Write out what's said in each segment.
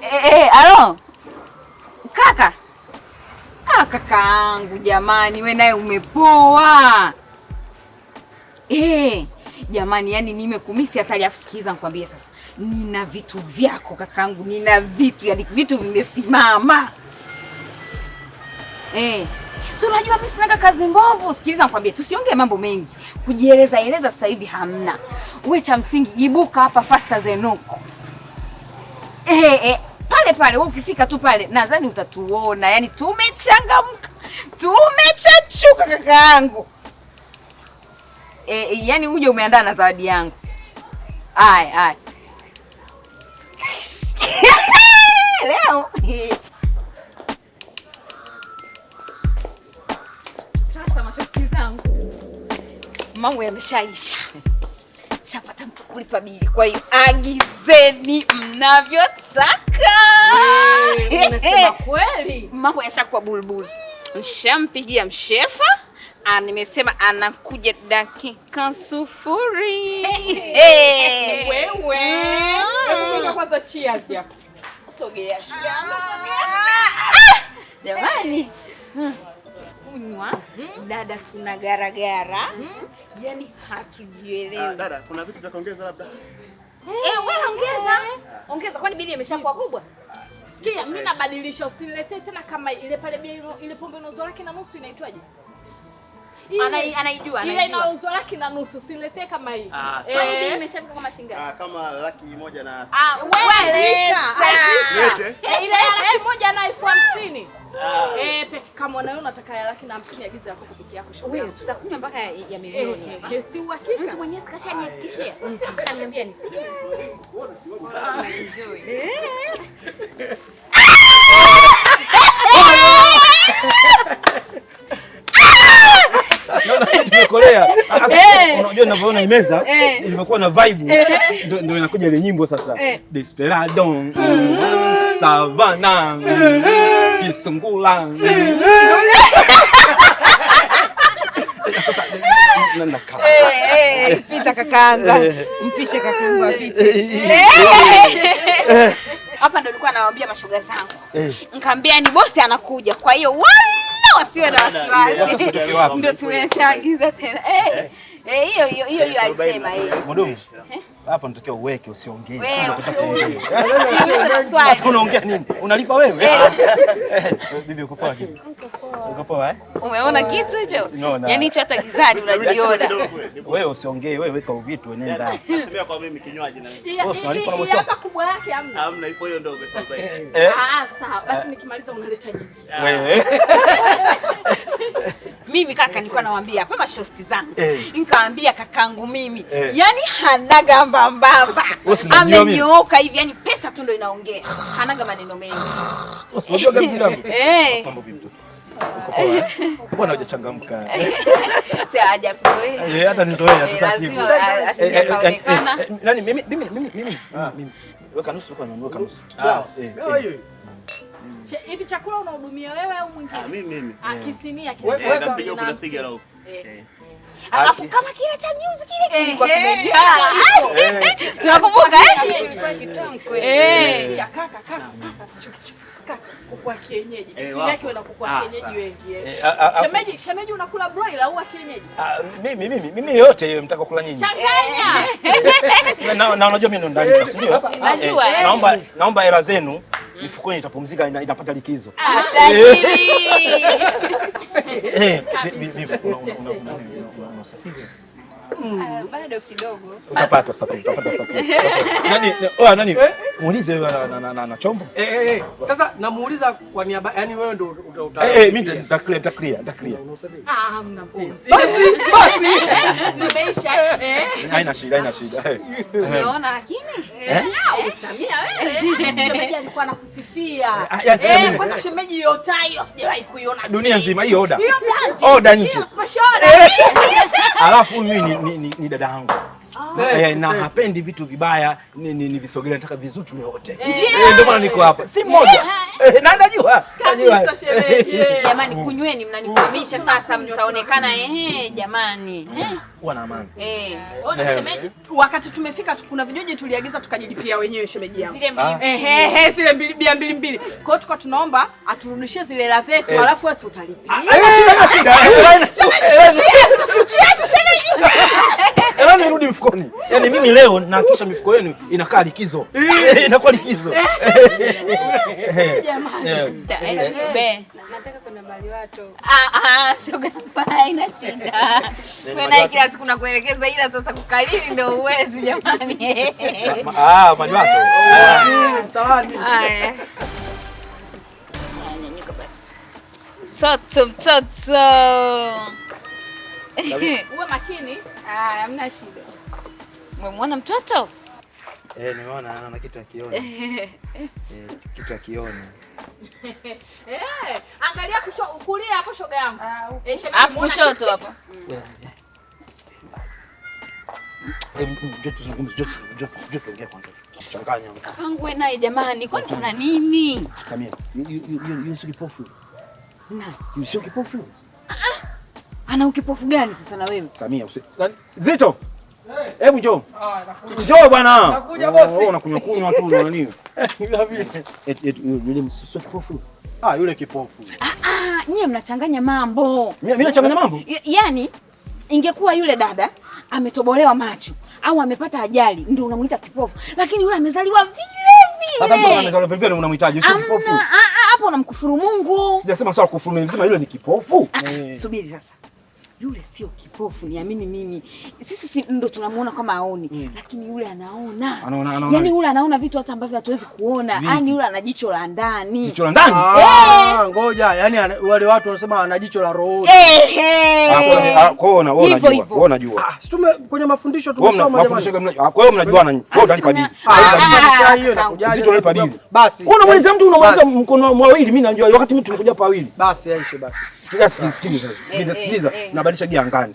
Eh, eh, alo kaka, ah, kakaangu jamani, we naye umepoa eh, jamani, yani nimekumisi hata liafusikiza nikwambie sasa nina vitu vyako kakaangu, nina vitu yani vitu vimesimama eh. So unajua mimi sina kazi mbovu. Sikiliza nikwambie, tusiongee mambo mengi, kujieleza eleza sasa hivi hamna. Uwe cha msingi, ibuka hapa faster zenuko Eh, eh, eh, pale pale wewe ukifika tu pale nadhani utatuona. Yaani tumechangamka, tumechachuka kaka yangu. Eh, eh, yani uje umeandaa na zawadi yangu. Aye, aye. Leo. Sasa machozi zangu. Mambo yameshaisha kulipa bili. Kwa hiyo agizeni mnavyotaka. Unasema kweli? Mambo yashakuwa bulbul. Nshampigia mshefa ah, nimesema anakuja dakika sufuri. Wewe mm. kwanza, cheers hapo. Sogea ah! Ah! jamani kunywa hmm. Dada tuna garagara hmm. Yani hatujielewi. Ah, dada kuna vitu vya kuongeza labda hmm. Eh, hey, wewe ongeza hmm. Ongeza, kwani bili imeshakuwa kubwa? Sikia, mimi nabadilisha, usiniletee tena kama ile pale bia ile pombe inauza laki na nusu inaitwaje? Anai, anaijua ile inauzwa laki na nusu, usiniletee kama hii. Ah, eh, imeshafika kama shilingi ngapi? Ah, kama laki moja na Ah, wewe leta. Eh, ile laki moja na elfu hamsini. Ah. Eh, kama nawe unataka ya laki na hamsini yako shoga. tutakunywa mpaka ya milioni eh, eh, si uhakika. Mtu mwenyewe sikasha eh, eh. Unajua ninavyoona ilivyokuwa na vibe ndio inakuja ile nyimbo sasa. Desperado. Mm. Savana. Mm kisungulangu pita kakanga, mpishe kakanga apite. Hapa ndo nilikuwa nawaambia mashoga zangu, nikaambia ni yaani bosi anakuja, kwa hiyo wala wasiwe na wasiwasi, ndo tumeshaagiza tena hiyo hiyo hiyo alisema hapa natokea uweke, usiongee. Unaongea nini? Unalipa wewe? Bibi uko poa kitu? Uko poa eh? Umeona kitu hicho? Yaani hicho hata gizani unajiona. Wewe usiongee, wewe weka uvitu wewe nenda. Yaani, nasemea kwa mimi kinywaji na mimi. Wewe unalipa na hapa kubwa yake hamna. Hamna, ipo hiyo ndogo. kwa sababu. Eh? Ah, sawa. Basi nikimaliza unaleta nyingine. Wewe. Mimi kaka nilikuwa nawaambia kwa mashosti zangu. eh. Nikaambia kakangu mimi, eh. Yani hanaga mbambamba. Amenyooka hivi, yani pesa tu ndo inaongea. Hanaga maneno mengi. Unajua gani mdangu? Eh. eh. Mbona hujachangamka? Si haja kuzoea. Eh, hata nizoea eh, tutaratibu. Eh, Asijakaonekana. Nani mimi mimi mimi mimi. Ah. Weka nusu kwa nusu, weka nusu. Ah. Eh. Mm. hivi chakula unahudumia wewe au mwingine? Ah, mimi mimi. Akisinia kile. Wewe unapiga kuna piga huko. Alafu kama kile cha news kile kile eh, kilikuwa eh, kimejaa. Eh, Tunakumbuka eh? Kwa kitamu kweli. Eh. ya kaka kaka kuku kienyeji. Kisinia yake wanakuku wa ah, kienyeji wengi Shemeji shemeji unakula broiler au wa kienyeji? Mimi mimi mimi yote hiyo mtaka kula nyinyi. Changanya. Na unajua mimi ndo ndani kwa sio? Najua. Naomba naomba hela zenu mfukoni itapumzika, inapata likizo. Tajiri. Ah, bado kidogo utapata safari, utapata safari. Nani oa nani? Muulize wewe na chombo. Eh, eh eh, sasa namuuliza kwa niaba, yani wewe ndio uta eh, eh, mimi nita clear nita clear nita clear. Ah, mna mpenzi. Ah, basi basi, nimeisha eh. Haina shida, haina shida. Eh. Unaona lakini eh, usamia wewe. Shemeji alikuwa anakusifia. Ah, yaani, eh, yaani, kwanza shemeji hiyo tai hiyo sijawahi kuiona dunia nzima, hiyo oda. Hiyo oda nje. Oda nje. Alafu mimi ni, ni, ni dada yangu oh. Eh, na hapendi vitu vibaya, ni, ni, ni nataka vizuri wote, eh. Eh, ndio maana niko hapa, si eh. mmoja Eh, na najua kabisa shemeji. Eh. Jamani, kunyweni, mnanikwamisha sasa, mtaonekana ehe. Jamani eh. wana amani eh, ona shemeji, wakati tumefika kuna vinywaji tuliagiza tukajilipia wenyewe shemeji yangu, ehe ehe, zile mbili bia mbili mbili. Kwa hiyo tuko tunaomba aturudishie zile hela zetu, alafu wewe utalipia. Ah, shida shida, shemeji, irudi mfukoni. Yani mimi leo nahakikisha mifuko yenu inakaa likizo, inakuwa likizo jamani. Eh, Nataka eh, eh. na ah, ah, shida. kila siku nakuelekeza ila sasa kukalili ndio uwezi jamani. Ah, Maliwato. Msawani. Ah. Haya. Nyanyuka basi. Toto mtoto. Uwe makini. Ah, hamna shida. Umemwona mtoto? Eh, nimeona anaona kitu akiona. Eh, kitu akiona. Eh, angalia kusho kulia hapo shoga yangu. Eh, afu kushoto hapo. Kangwe naye jamani, kwani kuna nini? Samia, yule sio kipofu. Na, yule sio kipofu. Ana ukipofu gani sasa na wewe? Samia, usi. Zito. Hebu njoo. Njoo bwana. Nakuja oh, bosi. Wewe oh, unakunywa kunywa tu na nini? Eh, eh, yule msusu kipofu. Ah, yule kipofu. Ah ah, nyie mnachanganya mambo. Mimi nachanganya mambo? Yaani ingekuwa yule dada ametobolewa macho au amepata ajali ndio unamuita kipofu, lakini yule amezaliwa vile vile. Sasa mbona amezaliwa vile vile unamhitaji sio kipofu. Ah, Hapo unamkufuru Mungu. Sijasema sawa kufuru, nimesema yule ni kipofu. Ah, eh. Subiri sasa. Yule sio kipofu kipofu, niamini mimi. Sisi si ndo tunamuona kama aoni mm. Lakini yule anaona. Anaona, anaona. Yani yule anaona vitu hata ambavyo hatuwezi kuona. yani yule ana jicho la ndani. Jicho la ndani? Ah, ah eh. ngoja. yani wale watu wanasema ana jicho la roho. Ah, kwa hiyo ah, unajua, wewe unajua. Ah, si tume kwenye mafundisho tumesoma mafundisho ah, Kwa hiyo mnajua na wewe utalipa dini. Ah, hiyo inakujaje? Jicho unalipa dini. Basi. Wewe unamweleza mtu unamweleza mkono mwawili, mimi najua wakati mimi tumekuja pawili. Basi, Aisha basi. Sikiliza, sikiliza. Sikiliza, eh, sikiliza. Eh, Nabadilisha gia angani.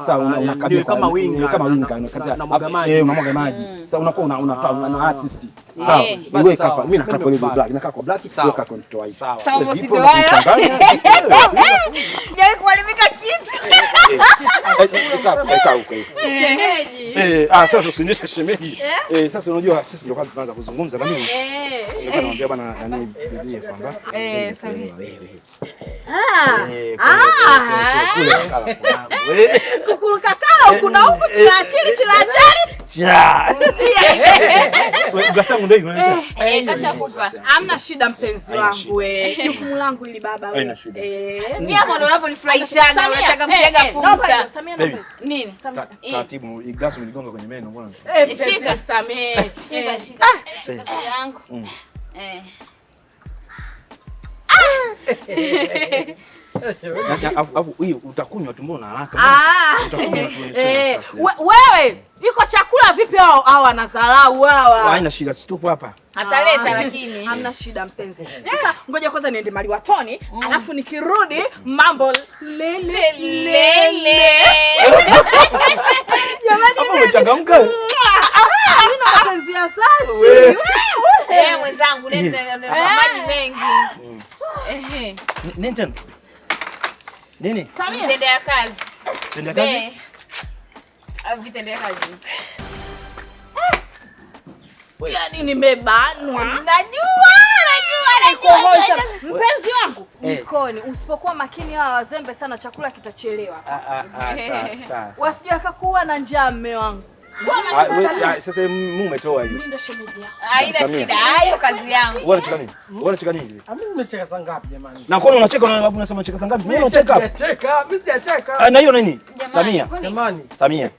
sasa ah, kama winga kama winga unamwaga maji unakuwa una assist. sasa unajua sisi ndio kwanza tunaanza kuzungumza na mimi. Eh, nikamwambia bwana nani bibi kwamba eh, eh sawa. Eh, eh, kukulukakao kuna huku chilachili chilachali kashakupa amna shida, mpenzi wangu, jukumu langu hili baba. Unachangamkiaga Yaani, utakunywa tu, mbona haraka? Ah. Eh, wewe iko chakula vipi? hao hao wanadharau hawa. Haina shida, situpo hapa. Ataleta ah. lakini hamna shida mpenzi. Eh. Sasa ngoja kwanza niende maliwatoni, mm. alafu nikirudi mambo lele lele. Jamani, umechangamka? Mimi napenzi asante. Eh, mwenzangu leta eh. maji mengi. Mm. Ehe. Nini tena? Nini? Samia. Vitendea kazi. Vitendea kazi. Vitendea kazi. Yaani nimebanwa. Ah. Najua, najua, najua. Mpenzi wangu, mkoni eh. usipokuwa makini hawa wazembe sana chakula kitachelewa. Ah, ah, Wasije akakuwa na njaa mme wangu. Sasa Mungu umetoa hiyo. Haina shida. Hayo kazi yangu. Wewe unacheka nini? Wewe unacheka nini? Ah, mimi nimecheka saa ngapi jamani? Na kwani unacheka na alafu unasema unacheka saa ngapi? Mimi unacheka. Sijacheka, mimi sijacheka. Ah, na hiyo nini? Samia. Jamani. Samia.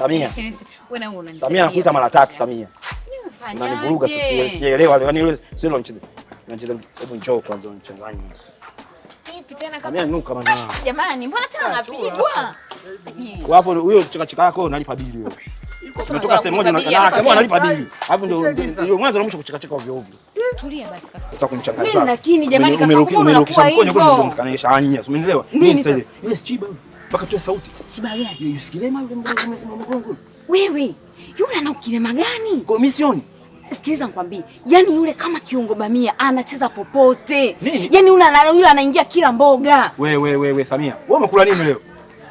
Samia. Eh, eh, eh, wewe na unaniambia. Samia anakuita mara tatu Samia. Unanivuruga sasa, sijaelewa leo. Yaani yule sio leo mchezo. Unacheza hebu njoo kwanza unichanganyi. Nipi tena kama? Jamani, mbona tena unapigwa? wapo huyo chakachika yako nalipa bili wewe. Natoka sehemu moja na analipa bili. Hapo ndio hiyo mwanzo na mwisho kuchakachika ovyo ovyo. Tulia basi kaka. Utakumchanganya sana. Mimi lakini jamani kaka kwa kumbe unakuwa hivyo. Kanisha anya, umeelewa? Mimi sasa. Ile chiba mpaka tu sauti. Chiba gani? Yeye usikile mama yule mgongo. Wewe, yule ana ukilema gani? Kwa mimi sioni. Sikiliza nikwambie, yaani yule kama kiungo bamia anacheza popote. Yaani yule anaingia kila mboga. Wewe wewe wewe Samia, wewe umekula nini leo?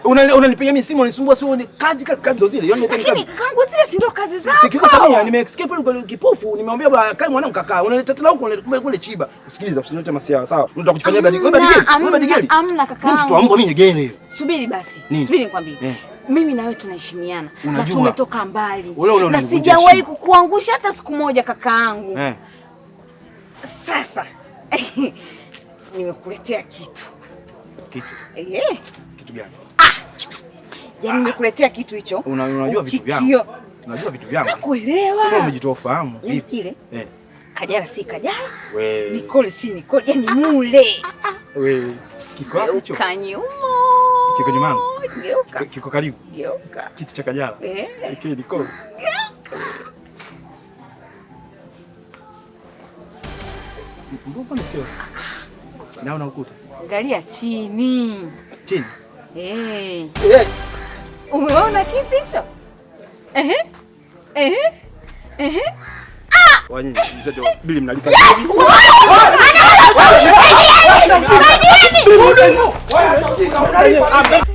Unanipiga mimi simu unanisumbua, sio ni kazi kazi kazi, ndo zile. Yaani lakini kangu zile si ndo kazi zako. Sikika Samia, nime escape ile kipofu, nimeambia bwana kai mwanangu kaka, unaleta tena huko unaleta kule chiba. Usikiliza, usinilete masiara, sawa? Unataka kufanya badi. Wewe badi gani? Wewe badi gani? Amna kaka. Mimi mtoto wangu mimi nyegeni. Subiri basi. Subiri nikwambie. Eh. Mimi na wewe tunaheshimiana na tumetoka mbali. Na sijawahi kukuangusha hata siku moja kakaangu. Eh. Sasa nimekuletea kitu. Kitu. Eh. Kitu gani? Yaani nimekuletea kitu hicho. Unajua vitu vyangu. Unajua vitu vyangu. Nakuelewa. Sasa umejitoa ufahamu. Ni yaani kile. Eh. Kajala si Kajala. Wewe. Nikole si Nikole. Yaani mule. Wewe. Kiko hapo hicho? Kanyumo. Kiko nyuma Geuka. Kiko karibu. Geuka. Kitu cha Kajala. Eh. Kile Nicole. Geuka. Mbona sio? Naona ukuta. Angalia chini. Chini. Eh. Hey. Eh. Umeona kiti hicho? Ehe. Ehe. Ehe. Ah! bili